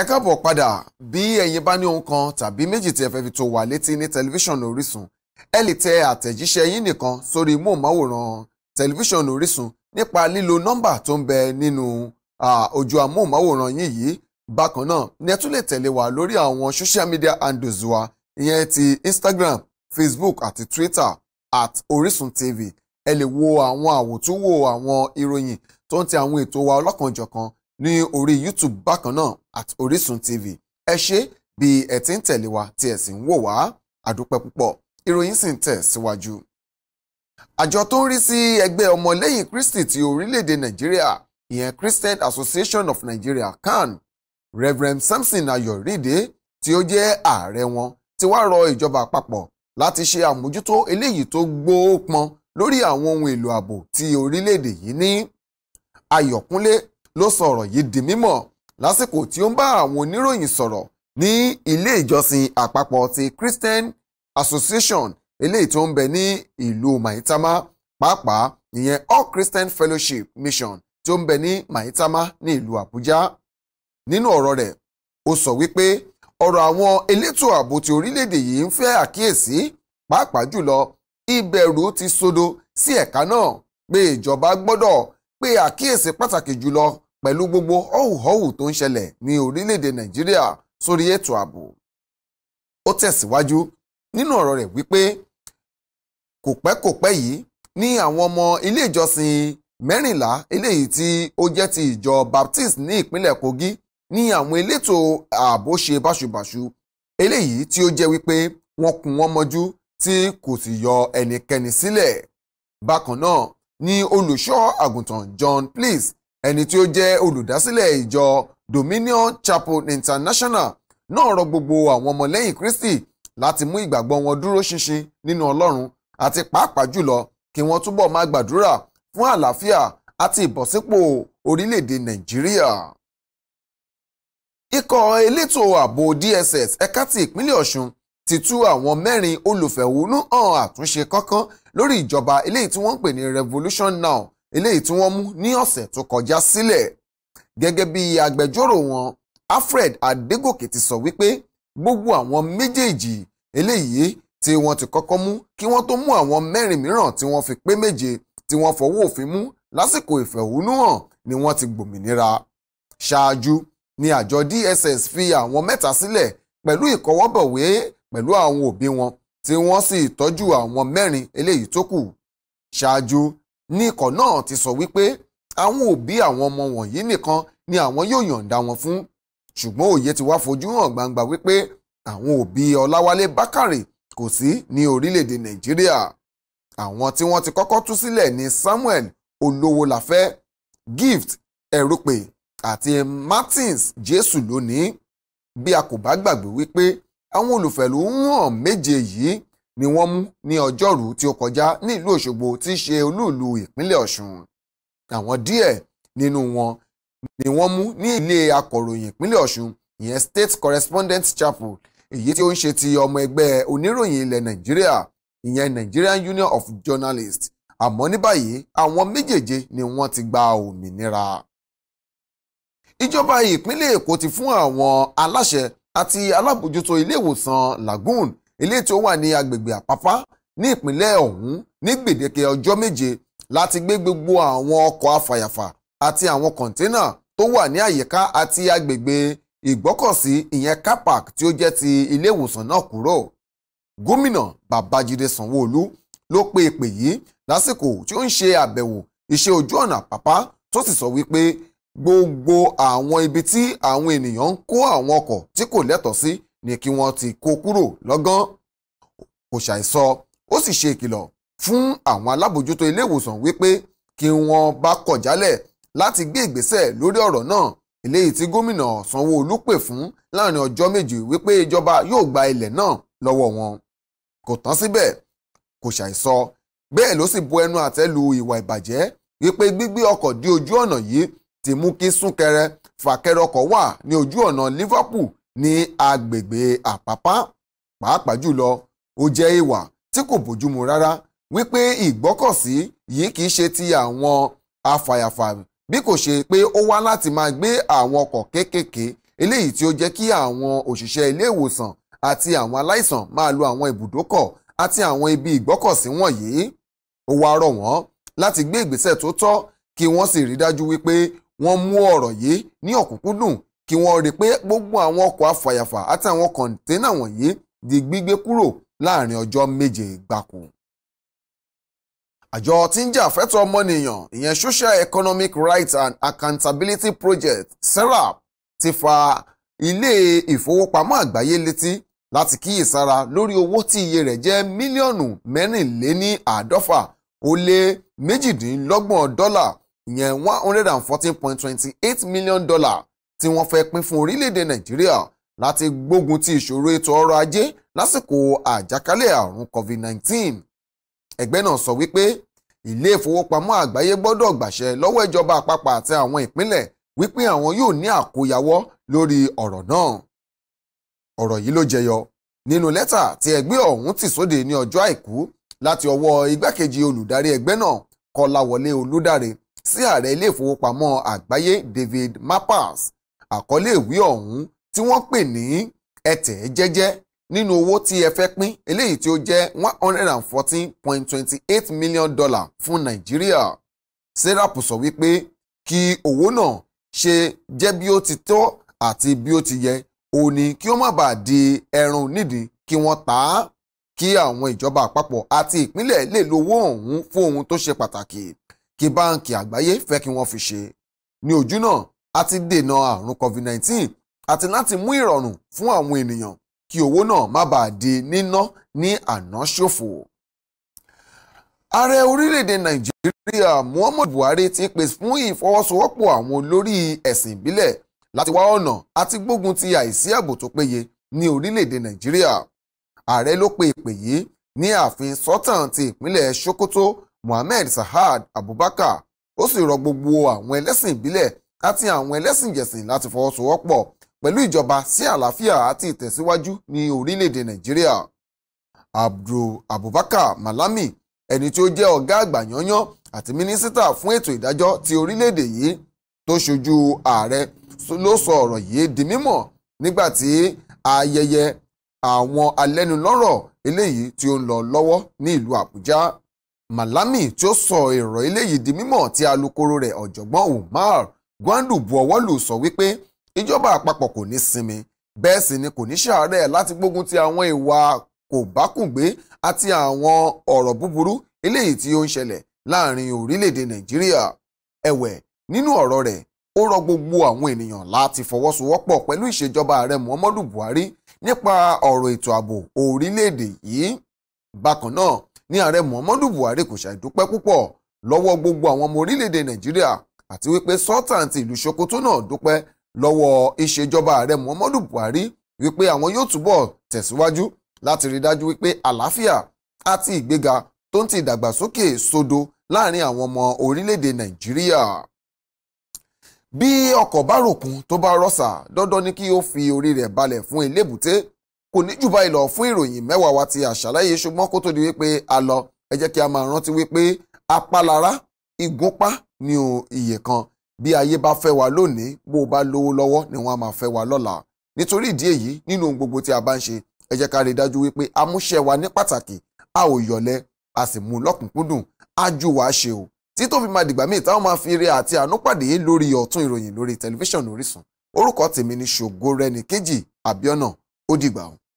ẹ káàbọ̀ padà bí ẹ̀yin bá ní ohun kan tàbí méjì tí ẹ fẹ́ fi tó wa létí ní tẹlifíṣàn Orísun ẹ lè tẹ àtẹ̀jíṣẹ́ yín nìkan sórí móhùnmáwòrán tẹlifíṣàn Orísun nípa lílo nọ́mbà tó ń bẹ nínú ojú amóhùnmáwòrán yín yìí bákan náà ni ẹ tún lè tẹ̀lé wa lórí àwọn social media handles wa ìyẹn ti Instagram Facebook àti Twitter at Orisun TV ẹ lè wo àwọn àwòtúwò àwọn ìròyìn tó ń ti àwọn ètò wa ọlọ́kanòjọ̀kan ní orí YouTube bákan náà at Orísun TV ẹ ṣé bí ẹ ti ń tẹ̀lé wa tí ẹ sì ń wò wá àdúpẹ́ púpọ̀ ìròyìn sì ń tẹ̀ síwájú. àjọ tó ń rí sí ẹgbẹ́ ọmọlẹ́yìn Kristi ti orílẹ̀-èdè Nàìjíríà ìyẹn Christian Association of Nigeria CAN Reverend Samson Ayoride tí ó jẹ́ ààrẹ wọn ti wá rọ ìjọba àpapọ̀ láti ṣe àmójútó eléyìí tó gbóòpọn lórí àwọn ohun èlò ààbò tí orílẹ̀-èdè yìí ní. Ayọ̀kúnlé ló sọ ọ̀rọ̀ yìí di mímọ̀ lásìkò tí ó ń bá àwọn oníròyìn sọ̀rọ̀ ní ilé ìjọsìn àpapọ̀ ti Christian Association eléyìí tó ń bẹ ní ìlú Maitama pàápàá ìyẹn All Christian Fellowship Mission tó ń bẹ ní Maitama ní ìlú Àbújá nínú ọ̀rọ̀ rẹ̀ ó sọ wípé ọ̀rọ̀ àwọn elétò ààbò ti orílẹ̀-èdè yìí ń fẹ́ àkíyèsí pàápàá jùlọ ìbẹ̀rù ti sodo sí ẹ̀ka náà pé ìjọba gbọ́dọ̀ pé àkíyèsí pàtàkì jùlọ pẹ̀lú gbogbo họ́wùhọ́wù tó ń ṣẹlẹ̀ ní orílẹ̀-èdè nàìjíríà sórí ètò ààbò ó tẹ̀síwájú nínú ọ̀rọ̀ rẹ̀ wípé kò pẹ́ kò pẹ́ yìí ní àwọn ọmọ ilé ìjọsìn mẹ́rìnlá eléyìí tí ó jẹ́ ti ìjọ Baptist ní ìpínlẹ̀ Kogi ní àwọn elétò ààbò ṣe báṣubàṣu eléyìí tí ó jẹ́ wípé wọ́n kún wọn mọ́jú tí kò sì yọ ẹnikẹ́ni sílẹ̀ bákan náà ni olùṣọ́ àgùntàn John Please ẹni tí ó jẹ́ olùdásílẹ̀ ìjọ Dominion Chapel International náà rọ gbogbo àwọn ọmọlẹ́yìn Kristi láti mú ìgbàgbọ́ wọn dúró ṣinṣin nínú Ọlọ́run àti pàápàá jùlọ kí wọ́n túbọ̀ máa gbàdúrà fún àlàáfíà àti ìbọ̀sípò orílẹ̀-èdè Nàìjíríà. Ikọ̀ elétò ààbò DSS ẹ̀ka ti ìpínlẹ̀ Ọ̀ṣun ti tú àwọn mẹ́rin olùfẹ̀hónú hàn àtúnṣe kankan lórí ìjọba eléyìí tí wọ́n ń pè ní Revolution Now eléyìí tí wọ́n mú ní ọ̀sẹ̀ tó kọjá sílẹ̀ gẹ́gẹ́ bí agbẹjọ́rò wọn Alfred Adégòkè ti sọ wípé gbogbo àwọn méjèèjì eléyìí tí wọ́n ti kọ́kọ́ mú kí wọ́n tó mú àwọn mẹ́rin mìíràn tí wọ́n fi pé méje tí wọ́n fọwọ́ òfin mú lásìkò ìfẹ̀hónúhàn ni wọ́n ti gbòmìnira ṣáájú ni àjọ DSS fi àwọn mẹ́ta sílẹ̀ pẹ̀lú ìkọwọ́bọ̀wé pẹ̀lú àwọn òbí wọn tí wọ́n sì tọ́jú àwọn mẹ́rin eléyìí tó kù ṣáájú ní ikọ̀ náà ti sọ wípé àwọn òbí àwọn ọmọ wọ̀nyí nìkan ni àwọn yóò yọ̀ǹda wọn fún ṣùgbọ́n òye ti wá fojú hàn gbangba wípé àwọn òbí Ọláwálé Bákàrè kò sí ní orílẹ̀-èdè Nàìjíríà àwọn tí wọ́n ti kọ́kọ́ tú sílẹ̀ ni Samuel Olówólafẹ́ Gift Erupe àti Martins Jésù lónìí bí a kò bá gbàgbé wípé àwọn olùfẹ̀lú hàn méje yìí ni wọ́n mú ní ọjọ́rùú tí ó kọjá ní ìlú Òṣogbo tí í ṣe olúùlú ìpínlẹ̀ Ọ̀ṣun àwọn díẹ̀ nínú wọn ni wọ́n mú ní ilé akọ̀ròyìn ìpínlẹ̀ Ọ̀ṣun ìyẹn State Correspondent Chapel èyí tí ó ń ṣe ti ọmọ ẹgbẹ́ oníròyìn ilẹ̀ Nàìjíríà ìyẹn Nigerian Union of Journalists àmọ́ ní báyìí àwọn méjèèje ni wọ́n ti gba òmìnira. Ìjọba ìpínlẹ̀ Èkó ti fún àwọn aláṣẹ àti alábòjútó ilé ìwòsàn Lagoon eléyìí tó wà ní agbègbè àpápá ní ìpínlẹ̀ ọ̀hún ní gbèdéke ọjọ́ méje láti gbé gbogbo àwọn ọkọ̀ afàyàfà àti àwọn kọ̀ńténà tó wà ní àyíká àti agbègbè ìgbọ́kọ̀sí ìyẹn car park tí ó jẹ́ ti ilé ìwòsàn náà kúrò gómìnà babájídé sanwóolu ló pe ìpè yìí lásìkò tí ó ń ṣe àbẹ̀wò iṣẹ́ ojú ọ̀nà àpápá tó sì sọ wípé gbogbo àwọn ibi tí àwọn ènìyàn ń kó àwọn ọkọ̀ tí kò lẹ́tọ̀ọ́ sí ni kí wọ́n ti kó kúrò lọ́gán kò ṣàìsọ ó sì ṣe ìkìlọ̀ fún àwọn alábòjútó ilé ìwòsàn wípé kí wọ́n bá kọ̀ jálẹ̀ láti gbé ìgbésẹ̀ lórí ọ̀rọ̀ náà eléyìí tí gómìnà Sanwó-Olú pè fún láàrin ọjọ́ méje wípé ìjọba yóò gba ilẹ̀ náà lọ́wọ́ wọn kò tán síbẹ̀ kò ṣàìsọ bẹ́ẹ̀ ló sì bu ẹnu àtẹ́ lu ìwà ìbàjẹ́ wípé gbígbé ọkọ̀ dí ojú ọ̀nà yìí ti mú kí súnkẹrẹ fàkẹrẹ ọkọ̀ wà ní ojú ọ̀nà Liverpool ní agbègbè Àpápá pàápàá jùlọ ó jẹ́ ìwà tí kò bójúmu rárá wípé ìgbọ́kọ̀sí yìí kìí ṣe ti àwọn afàyàfà bí kò ṣe pé ó wá láti máa gbé àwọn ọkọ̀ kéékèèké eléyìí tí ó jẹ́ kí àwọn òṣìṣẹ́ ilé ìwòsàn àti àwọn aláìsàn máa lo àwọn ibùdókọ̀ àti àwọn ibi ìgbọ́kọ̀sí wọ̀nyí ó wá rọ̀ wọ́n láti gbé ìgbésẹ̀ tó tọ́ kí wọ́n sì rí dájú wípé wọ́n mú ọ̀rọ̀ yìí ní ọ̀kúnkúndùn kí wọ́n rí pé gbogbo àwọn ọkọ̀ afàyàfà àti àwọn kọ̀ǹténà wọ̀nyí di gbígbé kúrò láàrin ọjọ́ méje gbáko. àjọ tí ń jà fẹ́tọ̀ ọmọnìyàn ìyẹn Social Economic Rights and Accountability Project SERAP ti fa ilé ìfowópamọ́ àgbáyé létí láti kíyèsára lórí owó tí iye rẹ̀ jẹ́ mílíọ̀nù mẹ́rìnléní àádọ́fà ó lé méjìdínlọ́gbọ̀n dọ́là ìyẹn one hundred and fourteen point twenty eight million dollar tí wọ́n fẹ́ pín fún orílẹ̀-èdè Nàìjíríà láti gbógun ti ìṣòro ètò ọrọ̀ ajé lásìkò àjàkálẹ̀ àrùn COVID-19 ẹgbẹ́ náà sọ wípé ilé ìfowópamọ́ àgbáyé gbọ́dọ̀ gbàṣẹ lọ́wọ́ ìjọba àpapọ̀ àti àwọn ìpínlẹ̀ wípé àwọn yóò ní àkóyawọ́ lórí ọ̀rọ̀ náà ọ̀rọ̀ yìí ló jẹyọ nínú lẹ́tà tí ẹgbẹ́ ọ̀hún ti sóde ní ọjọ́ àìkú láti ọwọ́ igbákejì olùdarí ẹgbẹ́ náà kọláwọlé olúdáre sí ààrẹ ilé ìfowópamọ́ àgbáyé David Mappers àkọlé ìwé ọ̀hún tí wọ́n pè ní ẹ̀tẹ̀ jẹ́jẹ́ nínú owó tí ẹ fẹ́ pín eléyìí tí ó jẹ́ one hundred and fourteen point twenty eight million dollar fún nàìjíríà serap sọ wípé kí owó náà ṣe jẹ́ bí ó ti tọ́ àti bí ó ti yẹ ó ní kí ó má bàa di ẹran nídìí kí wọ́n tà á kí àwọn ìjọba àpapọ̀ àti ìpínlẹ̀ lè lo owó ọ̀hún fún ohun tó ṣe pàtàkì kí báńkì àgbáyé fẹ́ kí wọ́n fi ṣe ní ojú náà a ti dènà àrùn covid nineteen àti láti mú ìrọ̀rùn fún àwọn ènìyàn kí owó náà má bàa di níná ní àná ṣòfò. ààrẹ orílẹ̀-èdè nàìjíríà muhammadu buhari ti pè fún ìfọwọ́sowọ́pọ̀ àwọn olórí ẹ̀sìn ìbílẹ̀ láti wá ọ̀nà àti gbógun ti àìsí ààbò tó péye ní orílẹ̀-èdè nàìjíríà. ààrẹ ló pe ìpè yìí ní ààfin sọ́tàn ti ìpínlẹ̀ sokoto muhammed sahad abubakar ó sì rọ gbogbo àwọn ẹlẹ́sìn ìbílẹ̀ àti àwọn ẹlẹ́sìn ìjẹ̀sìn láti fọwọ́sowọ́pọ̀ pẹ̀lú ìjọba sí àlàáfíà àti ìtẹ̀síwájú ní orílẹ̀-èdè nàìjíríà. abdul abubakar malami ẹni tí ó jẹ́ ọ̀gá àgbà yanyan àti mínísítà fún ètò ìdájọ́ ti orílẹ̀-èdè yìí tó ṣojú ààrẹ ló sọ ọ̀rọ̀ yìí di mímọ̀ nígbà tí ayẹyẹ àwọn alẹ́nulọ́rọ̀ eléyìí tí ó ń lọ lọ́wọ́ ní ìlú àbújá malami tí ó sọ èrò eléyìí di mímọ̀ tí alukoro rẹ̀ ọ̀jọ̀gbọ́n umar gwandu buọwọ́lù sọ wípé ìjọba àpapọ̀ kò ní sinmi bẹ́ẹ̀ sì ni kò ní ṣàárẹ̀ láti gbógun ti àwọn ìwà kò bákùngbé àti àwọn ọ̀rọ̀ búburú eléyìí tí ó ń ṣẹlẹ̀ láàrin orílẹ̀-èdè nàìjíríà ẹ̀wẹ̀ nínú ọ̀rọ̀ rẹ̀ ó rọ gbogbo àwọn ènìyàn láti fọwọ́sowọ́pọ̀ pẹ̀lú ìṣèjọba ààrẹ muhammadu buhari nípa ọ̀rọ̀ ètò ààbò orílẹ̀-èdè yìí bákan náà ni ààrẹ muhammadu buhari kò ṣàìdúpẹ́ púpọ̀ lọ́wọ́ gbogbo àwọn ọmọ orílẹ̀-èdè nàìjíríà àti wípé sultan ti ìlú sokoto náà dúpẹ́ lọ́wọ́ ìṣèjọba ààrẹ Muhammadu Buhari wípé àwọn yóò túbọ̀ tẹ̀síwájú láti rí dájú wípé àlàáfíà àti ìgbéga tó ń ti ìdàgbàsókè sodo láàrin àwọn ọmọ orílẹ̀-èdè Nàìjíríà bí ọkọ̀ bá ròkun tó bá rọ́ṣà dandan ni kí ó fi orí rẹ̀ balẹ̀ fún ilébùté kò ní jù báyìí lọ fún ìròyìn mẹ́wàá wa ti àṣàlàyé ṣùgbọ́n kó tó di wípé a lọ ẹ jẹ́ kí a máa rántí wípé apálára ìgúnpá ni ò iye kan bí ayé bá fẹ́ wa lónìí bó o bá lówó lọ́wọ́ ni wọ́n á máa fẹ́ wa lọ́la nítorí ìdí èyí nínú ohun gbogbo tí a bá ń ṣe ẹ jẹ́ ká rí i dájú wípé a múṣẹ́ wa ní pàtàkì a ò yọ̀lẹ a sì mú lọ́kùnkúndùn á jù wá ṣe o tí fi máa dìgbà míì táwọn máa fi eré àti àánú pàdé lórí ọ̀tún ìròyìn lórí tẹlifíṣàn Orísun orúkọ tèmi ni ṣògo rẹni kejì àbíọ́nà ó dìgbà